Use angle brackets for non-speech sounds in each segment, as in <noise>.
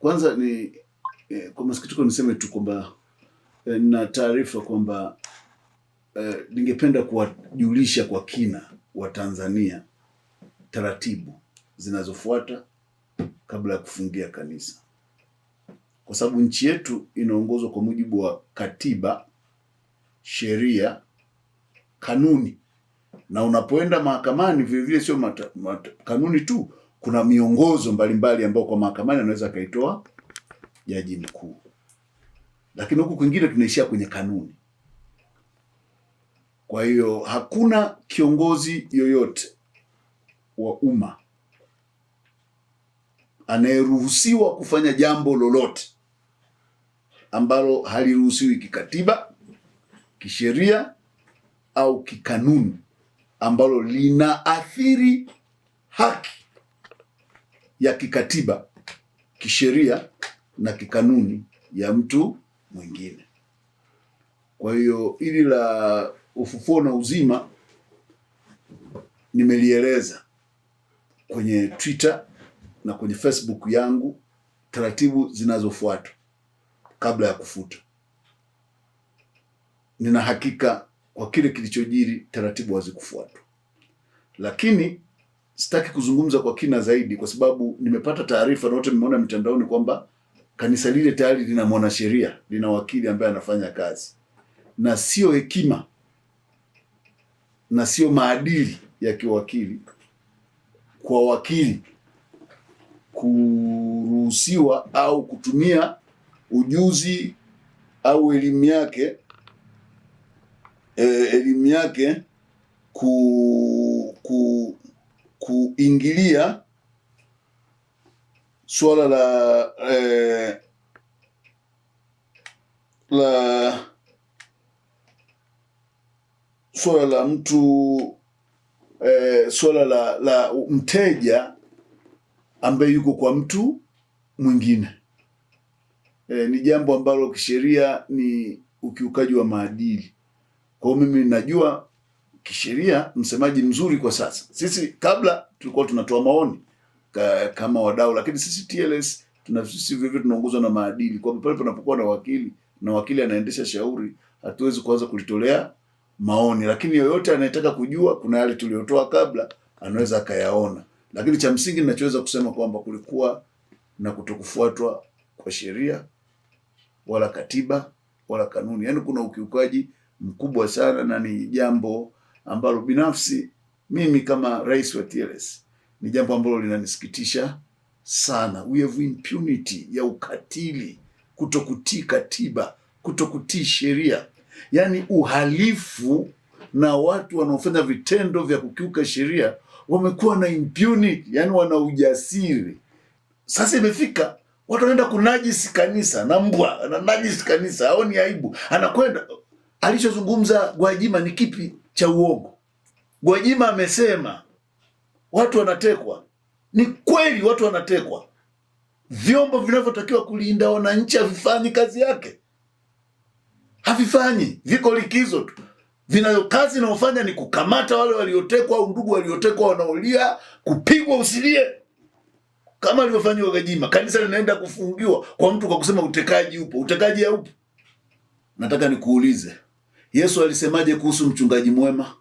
Kwanza ni eh, kwa masikitiko niseme tu kwamba eh, na taarifa kwamba eh, ningependa kuwajulisha kwa kina Watanzania taratibu zinazofuata kabla ya kufungia kanisa, kwa sababu nchi yetu inaongozwa kwa mujibu wa katiba, sheria, kanuni na unapoenda mahakamani vilevile sio kanuni tu, kuna miongozo mbalimbali ambayo kwa mahakamani anaweza akaitoa jaji mkuu, lakini huku kwingine tunaishia kwenye kanuni. Kwa hiyo hakuna kiongozi yoyote wa umma anayeruhusiwa kufanya jambo lolote ambalo haliruhusiwi kikatiba, kisheria au kikanuni ambalo linaathiri haki ya kikatiba, kisheria na kikanuni ya mtu mwingine. Kwa hiyo hili la ufufuo na uzima nimelieleza kwenye Twitter na kwenye Facebook yangu, taratibu zinazofuatwa kabla ya kufuta. Nina hakika kwa kile kilichojiri, taratibu hazikufuatwa, lakini sitaki kuzungumza kwa kina zaidi, kwa sababu nimepata taarifa na wote mmeona mitandaoni kwamba kanisa lile tayari lina mwanasheria, lina wakili ambaye anafanya kazi, na sio hekima na sio maadili ya kiwakili kwa wakili kuruhusiwa au kutumia ujuzi au elimu yake eh, elimu yake ku, ku kuingilia suala la eh, la suala la mtu eh, suala la, la mteja ambaye yuko kwa mtu mwingine eh, ni jambo ambalo kisheria ni ukiukaji wa maadili. Kwa hiyo mimi najua kisheria msemaji mzuri kwa sasa. Sisi kabla tulikuwa tunatoa maoni ka, kama wadau, lakini sisi TLS tuna sisi vivyo tunaongozwa na maadili, kwa pale panapokuwa na wakili na wakili anaendesha shauri, hatuwezi kuanza kulitolea maoni, lakini yoyote anayetaka kujua, kuna yale tuliyotoa kabla anaweza akayaona. Lakini cha msingi ninachoweza kusema kwamba kulikuwa na kutokufuatwa kwa sheria wala katiba wala kanuni, yaani kuna ukiukaji mkubwa sana na ni jambo ambalo binafsi mimi kama rais wa TLS ni jambo ambalo linanisikitisha sana. We have impunity ya ukatili, kutokutii katiba, kutokutii sheria, yaani uhalifu na watu wanaofanya vitendo vya kukiuka sheria wamekuwa na impunity, yani wana ujasiri. Sasa imefika watu wanaenda kunajisi kanisa na mbwa ananajisi kanisa, aoni aibu, anakwenda. Alichozungumza Gwajima ni kipi? cha uongo Gwajima amesema watu wanatekwa. Ni kweli, watu wanatekwa. Vyombo vinavyotakiwa kulinda wananchi havifanyi kazi yake, havifanyi, viko likizo tu. Vinayo kazi inayofanya ni kukamata wale waliotekwa au ndugu waliotekwa wanaolia, kupigwa usilie, kama alivyofanyiwa Gwajima. Kanisa linaenda kufungiwa kwa mtu kwa kusema utekaji upo. Utekaji haupo. Nataka nikuulize Yesu alisemaje kuhusu mchungaji mwema?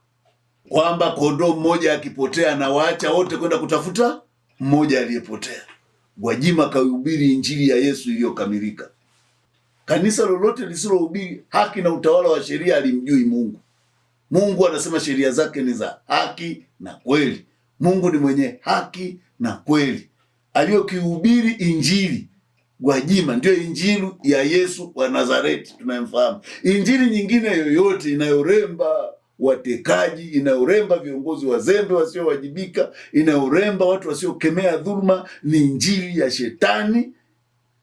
Kwamba kondoo mmoja akipotea anawaacha wote kwenda kutafuta mmoja aliyepotea. Gwajima kahubiri injili ya Yesu iliyokamilika. Kanisa lolote lisilohubiri haki na utawala wa sheria alimjui Mungu. Mungu anasema sheria zake ni za haki na kweli. Mungu ni mwenye haki na kweli. Aliyokihubiri injili Gwajima ndio injili ya Yesu wa Nazareti tunayemfahamu. Injili nyingine yoyote inayoremba watekaji, inayoremba viongozi wazembe wasiowajibika, inayoremba watu wasiokemea dhuluma ni injili ya shetani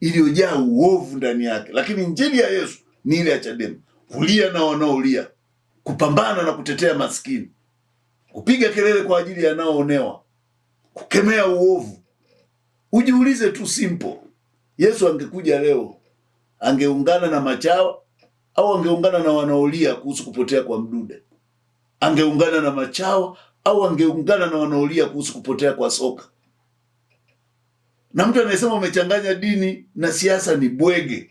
iliyojaa uovu ndani yake. Lakini injili ya Yesu ni ile ya Chadema, kulia na wanaolia, kupambana na kutetea maskini, kupiga kelele kwa ajili ya wanaoonewa, kukemea uovu. Ujiulize tu simple Yesu angekuja leo angeungana na machawa au angeungana na wanaolia kuhusu kupotea kwa Mdude? Angeungana na machawa au angeungana na wanaolia kuhusu kupotea kwa Soka? Na mtu anayesema umechanganya dini na siasa ni bwege.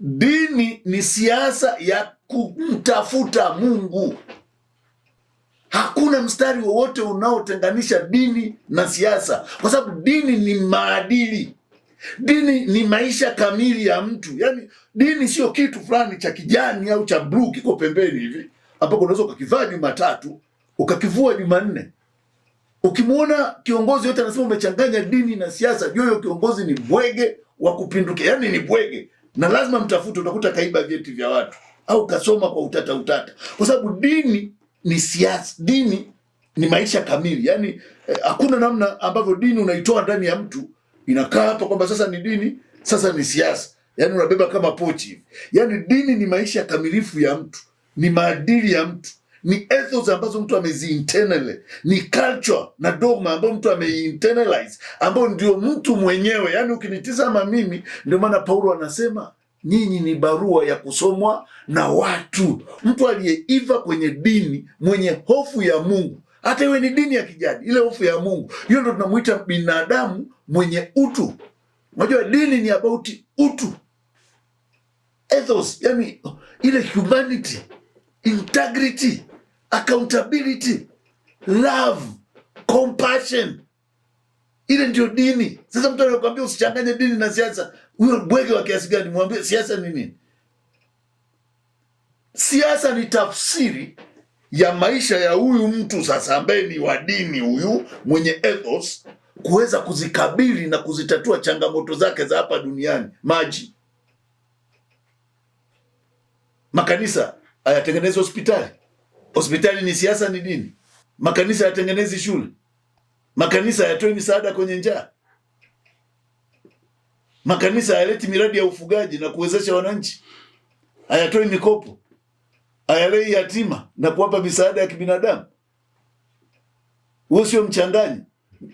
Dini ni siasa ya kumtafuta Mungu. Hakuna mstari wowote unaotenganisha dini na siasa, kwa sababu dini ni maadili. Dini ni maisha kamili ya mtu, yaani dini sio kitu fulani cha kijani au cha bluu kiko pembeni hivi ambapo unaweza ukakivaa Jumatatu ukakivua Jumanne. Ukimwona kiongozi yote anasema umechanganya dini na siasa, jua hiyo kiongozi ni bwege wa kupinduka, yaani ni bwege na lazima mtafute, utakuta kaiba vyeti vya watu au kasoma kwa utata utata, kwa sababu dini ni siasa, dini ni maisha kamili, yaani eh, hakuna eh, namna ambavyo dini unaitoa ndani ya mtu inakaa hapa kwamba sasa ni dini, sasa ni siasa, yani unabeba kama pochi hivi. yani dini ni maisha kamilifu ya mtu, ni maadili ya mtu, ni ethos ambazo mtu ameziinternalize, ni culture na dogma ambayo mtu ameinternalize, ambayo ndio mtu mwenyewe. yani ukinitizama mimi, ndio maana Paulo anasema nyinyi ni barua ya kusomwa na watu. Mtu aliyeiva kwenye dini, mwenye hofu ya Mungu hata iwe ni dini ya kijadi, ile hofu ya Mungu, hiyo ndo tunamwita binadamu mwenye utu. Unajua dini ni about utu, ethos, yani ile humanity, integrity, accountability, love, compassion, ile ndio dini. Sasa mtu anakuambia usichanganye dini na siasa, huyo bwege wa kiasi gani? Mwambie siasa ni nini? Siasa ni tafsiri ya maisha ya huyu mtu sasa ambaye ni wa dini huyu mwenye ethos kuweza kuzikabili na kuzitatua changamoto zake za hapa duniani. Maji, makanisa hayatengenezi hospitali, hospitali ni siasa, ni dini. Makanisa hayatengenezi shule, makanisa hayatoi misaada kwenye njaa, makanisa hayaleti miradi ya ufugaji na kuwezesha wananchi, hayatoi mikopo ayalei yatima na kuwapa misaada ya kibinadamu, wewe sio mchanganyi.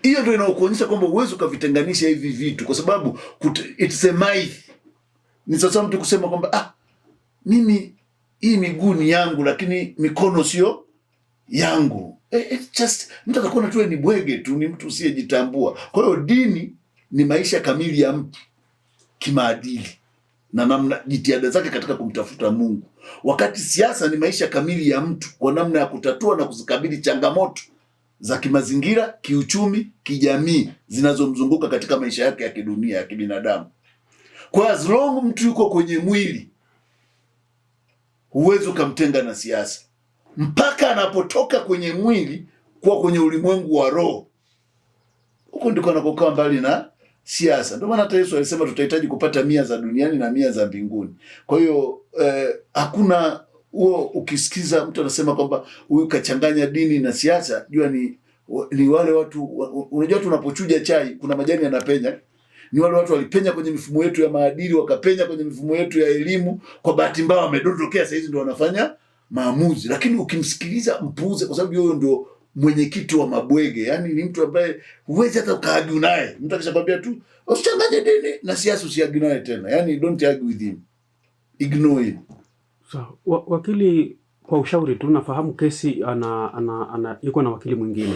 Hiyo ndio inaokuonyesha kwamba uwezi ukavitenganisha hivi vitu, kwa sababu it's a myth. Ni sasa mtu kusema kwamba ah, mimi hii miguu ni yangu, lakini mikono sio yangu. Eh, it's just mtu atakuona tu ni bwege tu, ni mtu usiyejitambua. Kwa hiyo dini ni maisha kamili ya mtu kimaadili na namna jitihada zake katika kumtafuta Mungu, wakati siasa ni maisha kamili ya mtu kwa namna ya kutatua na kuzikabili changamoto za kimazingira, kiuchumi, kijamii zinazomzunguka katika maisha yake ya kidunia ya kibinadamu. Kwa as long mtu yuko kwenye mwili, huwezi ukamtenga na siasa mpaka anapotoka kwenye mwili kuwa kwenye ulimwengu wa roho, huko ndiko anakokaa mbali na siasa. Ndio maana hata Yesu alisema tutahitaji kupata mia za duniani na mia za mbinguni. Kwa hiyo eh, hakuna huo. Ukisikiza mtu anasema kwamba huyu kachanganya dini na siasa, jua ni ni wale watu. Unajua, tunapochuja chai kuna majani yanapenya ni wale watu walipenya kwenye mifumo yetu ya maadili, wakapenya kwenye mifumo yetu ya elimu. Kwa bahati mbaya wamedondokea, sasa hizi ndio wanafanya maamuzi. Lakini ukimsikiliza mpuuze, kwa sababu yeye ndio mwenyekiti wa mabwege, yani ni mtu ambaye huwezi hata ukaagi naye. Mtu akishakwambia tu usichanganye dini na siasa, usiagu naye tena, yani don't argue with him, ignore him. So, wa wakili kwa ushauri tu, nafahamu kesi ana, ana, ana yuko na wakili mwingine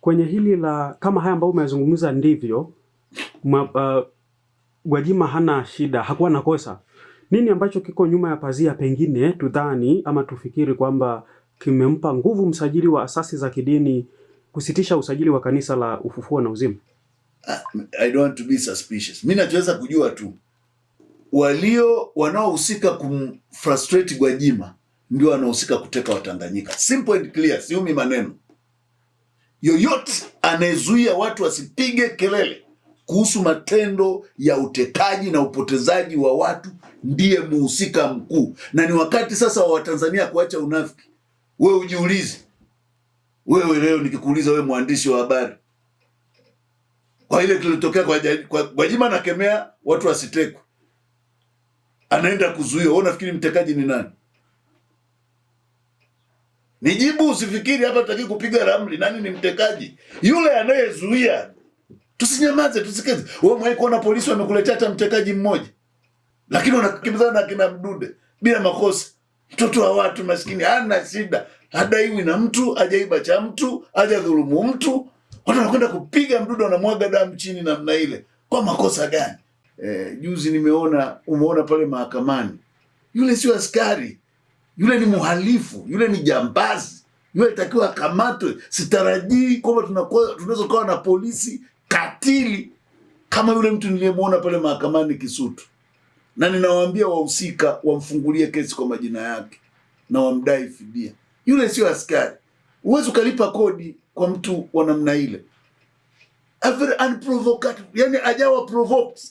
kwenye hili la kama haya ambayo umeyazungumza, ndivyo Gwajima uh, hana shida, hakuwa na kosa. Nini ambacho kiko nyuma ya pazia, pengine tudhani ama tufikiri kwamba kimempa nguvu msajili wa asasi za kidini kusitisha usajili wa kanisa la Ufufuo na Uzima? Ah, I don't want to be suspicious. Mimi nachoweza kujua tu walio wanaohusika kumfrustrate Gwajima ndio wanaohusika kuteka Watanganyika. Simple and clear, siumi maneno yoyote. Anayezuia watu wasipige kelele kuhusu matendo ya utekaji na upotezaji wa watu ndiye muhusika mkuu, na ni wakati sasa wa Watanzania kuacha unafiki wewe ujiulize wewe leo nikikuuliza wewe mwandishi wa habari kwa ile kilitokea kwa, kwa Gwajima anakemea watu wasitekwe, anaenda kuzuia. Wewe unafikiri mtekaji ni nani? Nijibu, usifikiri hapa tutaki kupiga ramli. Nani ni mtekaji? Yule anayezuia. Tusinyamaze, tusikeze. Wewe mwae kuona polisi wamekuletea hata mtekaji mmoja, lakini wanakimbizana na kina Mdude bila makosa. Mtoto wa watu maskini hana shida, hadaiwi na mtu, hajaiba cha mtu, hajadhulumu mtu. Watu wanakwenda kupiga mdudu, wanamwaga damu chini namna ile, kwa makosa gani? Eh, juzi nimeona, umeona pale mahakamani, yule sio askari, yule ni mhalifu, yule ni jambazi, yule takiwa akamatwe. Sitarajii kwamba tunaweza kuwa na polisi katili kama yule mtu niliyemwona pale mahakamani Kisutu na ninawaambia wahusika wamfungulie kesi kwa majina yake na wamdai fidia. Yule sio askari, huwezi ukalipa kodi kwa mtu wa namna ile. Yani ajawa provoked,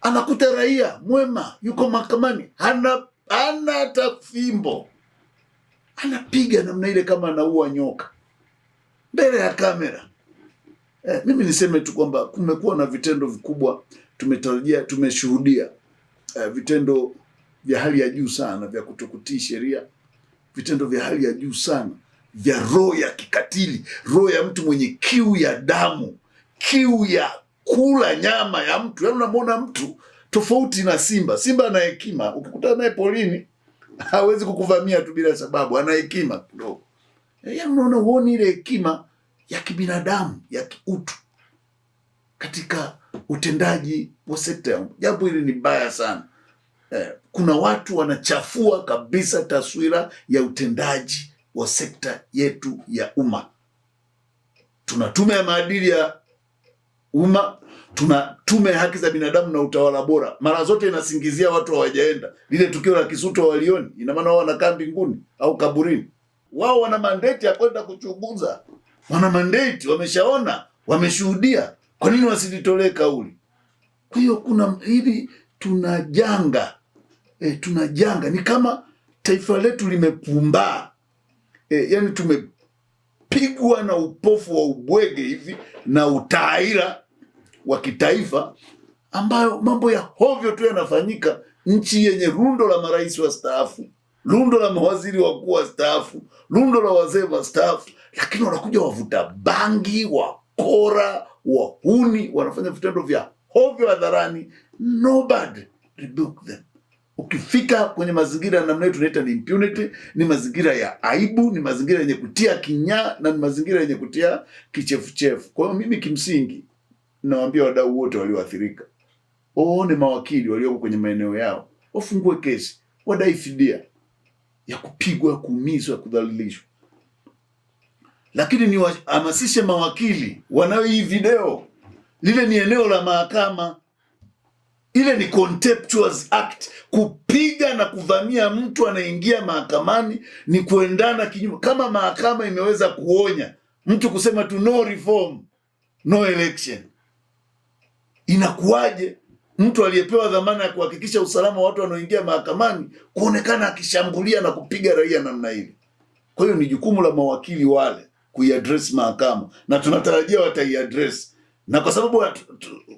anakuta raia mwema yuko mahakamani, hana hana hata fimbo, anapiga namna ile kama anaua nyoka mbele ya kamera. Eh, mimi niseme tu kwamba kumekuwa na vitendo vikubwa, tumetarajia tumeshuhudia uh, vitendo vya hali ya juu sana vya kutokutii sheria, vitendo vya hali ya juu sana vya roho ya kikatili, roho ya mtu mwenye kiu ya damu, kiu ya kula nyama ya mtu. Yaani unamwona mtu tofauti na simba. Simba ana hekima, ukikutana naye polini <laughs> hawezi kukuvamia tu bila sababu, ana hekima kidogo. Eh, yaani unaona, huoni ile hekima ya kibinadamu ya kiutu katika utendaji wa sekta ya umma. Jambo hili ni baya sana. Eh, kuna watu wanachafua kabisa taswira ya utendaji wa sekta yetu ya umma. Tuna tume ya maadili ya umma, tuna tume ya haki za binadamu na utawala bora. Mara zote inasingizia watu hawajaenda. Lile tukio la Kisutu walioni, ina maana wao wanakaa mbinguni au kaburini? Wao wana mandate ya kwenda kuchunguza, wana mandate, wameshaona, wameshuhudia. Kwa nini wasilitolee kauli? Kwa hiyo kuna hili, tuna janga e, eh, tuna janga, ni kama taifa letu limepumbaa e, yani tumepigwa na upofu wa ubwege hivi na utaira wa kitaifa, ambayo mambo ya hovyo tu yanafanyika. Nchi yenye rundo la marais staafu rundo la mawaziri wakuu staafu rundo la wazee staafu, lakini wanakuja wavuta bangi, wakora wahuni wanafanya vitendo vya hovyo hadharani, nobody rebuke them. Ukifika kwenye mazingira ya namna hiyo, tunaita ni impunity, ni mazingira ya aibu, ni mazingira yenye kutia kinyaa na ni mazingira yenye kutia kichefuchefu. Kwa hiyo mimi kimsingi nawaambia wadau wote walioathirika waone mawakili walioko kwenye maeneo yao, wafungue kesi, wadai fidia ya kupigwa, kuumizwa, kudhalilishwa lakini niwahamasishe mawakili wanayo hii video. Lile ni eneo la mahakama, ile ni contemptuous act. Kupiga na kuvamia mtu anaingia mahakamani ni kuendana kinyume. Kama mahakama imeweza kuonya mtu kusema tu no reform no election, inakuwaje mtu aliyepewa dhamana ya kuhakikisha usalama wa watu wanaoingia mahakamani kuonekana akishambulia na kupiga raia namna hili? Kwa hiyo ni jukumu la mawakili wale kuiadress mahakama, na tunatarajia wataiadress, na kwa sababu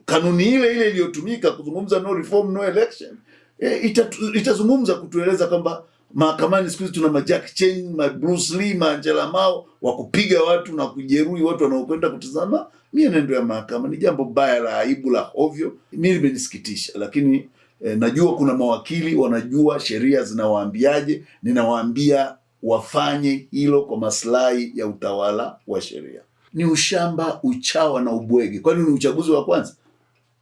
kanuni ile ile iliyotumika kuzungumza no reform no election e, itazungumza ita kutueleza kwamba mahakamani siku hizi tuna ma Jack Chen, ma Bruce Lee, ma Angela Mao wa kupiga watu na kujeruhi watu wanaokwenda kutazama mienendo ya mahakama. Ni jambo baya la aibu la ovyo, mi limenisikitisha, lakini eh, najua kuna mawakili wanajua sheria zinawaambiaje. Ninawaambia wafanye hilo kwa maslahi ya utawala wa sheria. Ni ushamba, uchawa na ubwege. Kwani ni uchaguzi wa kwanza?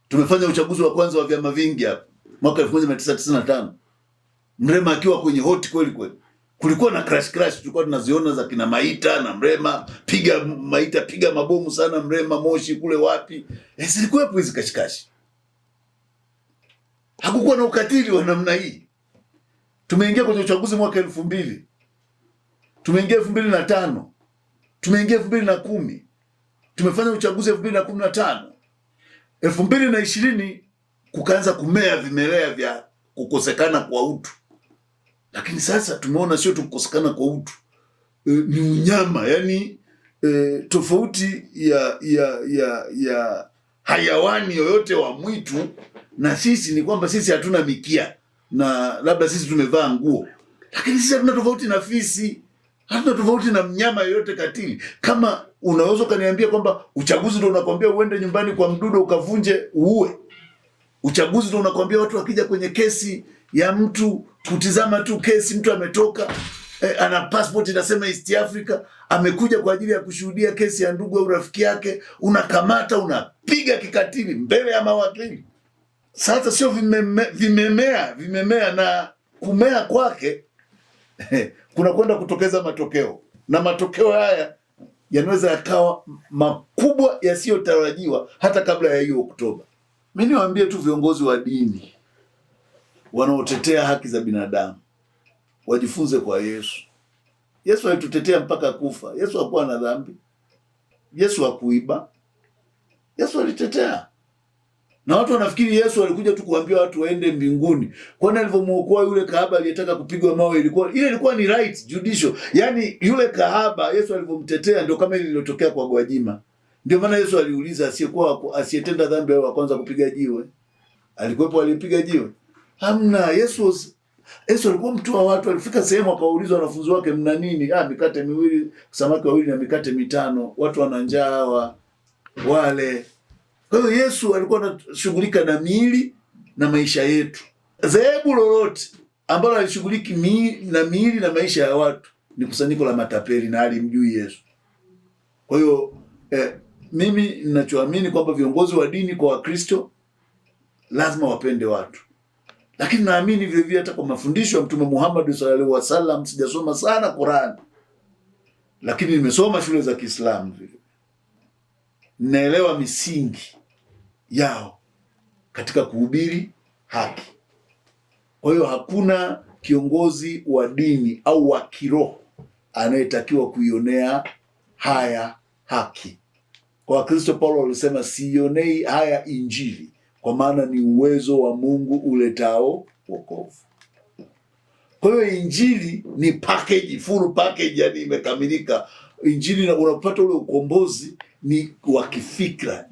Tumefanya uchaguzi wa kwanza wa vyama vingi hapa mwaka 1995 Mrema akiwa kwenye hoti kweli kweli, kulikuwa na crash crash, tulikuwa tunaziona za kina Maita na Mrema, piga Maita, piga mabomu sana Mrema, Moshi kule wapi, eh, zilikuwepo hizi kashikashi. Hakukuwa na ukatili wa namna hii. Tumeingia kwenye uchaguzi mwaka elfu mbili tumeingia elfu mbili na tano tumeingia elfu mbili na kumi tumefanya uchaguzi elfu mbili na kumi na tano elfu mbili na ishirini kukaanza kumea vimelea vya kukosekana kwa utu, lakini sasa tumeona sio tu kukosekana kwa utu e, ni unyama yani e, tofauti ya ya ya ya hayawani yoyote wa mwitu na sisi ni kwamba sisi hatuna mikia na labda sisi tumevaa nguo, lakini sisi hatuna tofauti na fisi. Hatuna tofauti na mnyama yoyote katili. Kama unaweza ukaniambia kwamba uchaguzi ndo unakwambia uende nyumbani kwa mdudo ukavunje uue, uchaguzi ndo unakwambia watu wakija kwenye kesi ya mtu kutizama tu kesi, mtu ametoka eh, ana passport inasema East Africa, amekuja kwa ajili ya kushuhudia kesi ya ndugu au rafiki yake, unakamata unapiga kikatili mbele ya mawakili. Sasa sio vimeme, vimemea vimemea na kumea kwake <laughs> kuna kwenda kutokeza matokeo, na matokeo haya yanaweza yakawa makubwa yasiyotarajiwa hata kabla ya hiyo Oktoba. Mi niwaambie tu viongozi wa dini wanaotetea haki za binadamu wajifunze kwa Yesu. Yesu alitutetea mpaka kufa. Yesu hakuwa na dhambi. Yesu hakuiba. Yesu alitetea na watu wanafikiri Yesu alikuja tu kuambia watu waende mbinguni, kwani alivyomwokoa yule kahaba aliyetaka kupigwa mawe ilikuwa ile ilikuwa ni right judicial, yaani yule kahaba Yesu alivyomtetea ndio kama ile iliyotokea kwa Gwajima. Ndio maana Yesu aliuliza asiyekuwa asiyetenda dhambi wa kwanza kupiga jiwe alikuwepo, alipiga jiwe? Hamna. Yesu was, Yesu alikuwa mtu wa watu, alifika sehemu akawauliza wanafunzi wake, mna nini? Ah, mikate miwili, samaki wawili na mikate mitano, watu wana njaa hawa, wale kwa hiyo Yesu alikuwa anashughulika na miili na maisha yetu. Dhehebu lolote ambalo alishughuliki miili na miili na maisha ya watu ni kusanyiko la matapeli na alimjui Yesu. Kwa hiyo eh, mimi ninachoamini kwamba viongozi wa dini kwa Wakristo lazima wapende watu, lakini naamini vile vile hata kwa mafundisho ya Mtume Muhammad sallallahu alaihi wasallam. Sijasoma sana Quran, lakini nimesoma shule za Kiislamu, vile naelewa misingi yao katika kuhubiri haki. Kwa hiyo hakuna kiongozi wa dini au wa kiroho anayetakiwa kuionea haya haki. Kwa Wakristo, Paulo alisema siionei haya Injili, kwa maana ni uwezo wa Mungu uletao wokovu. Kwa hiyo Injili ni package, full package, yani imekamilika. Injili unapata ule ukombozi ni wa kifikra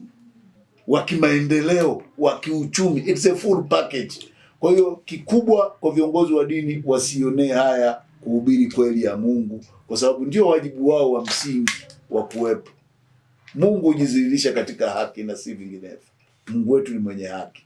wa kimaendeleo wa kiuchumi, it's a full package. Kwa hiyo kikubwa kwa viongozi wa dini wasionee haya kuhubiri kweli ya Mungu, kwa sababu ndio wajibu wao wa msingi wa kuwepo. Mungu hujidhihirisha katika haki na si vinginevyo. Mungu wetu ni mwenye haki.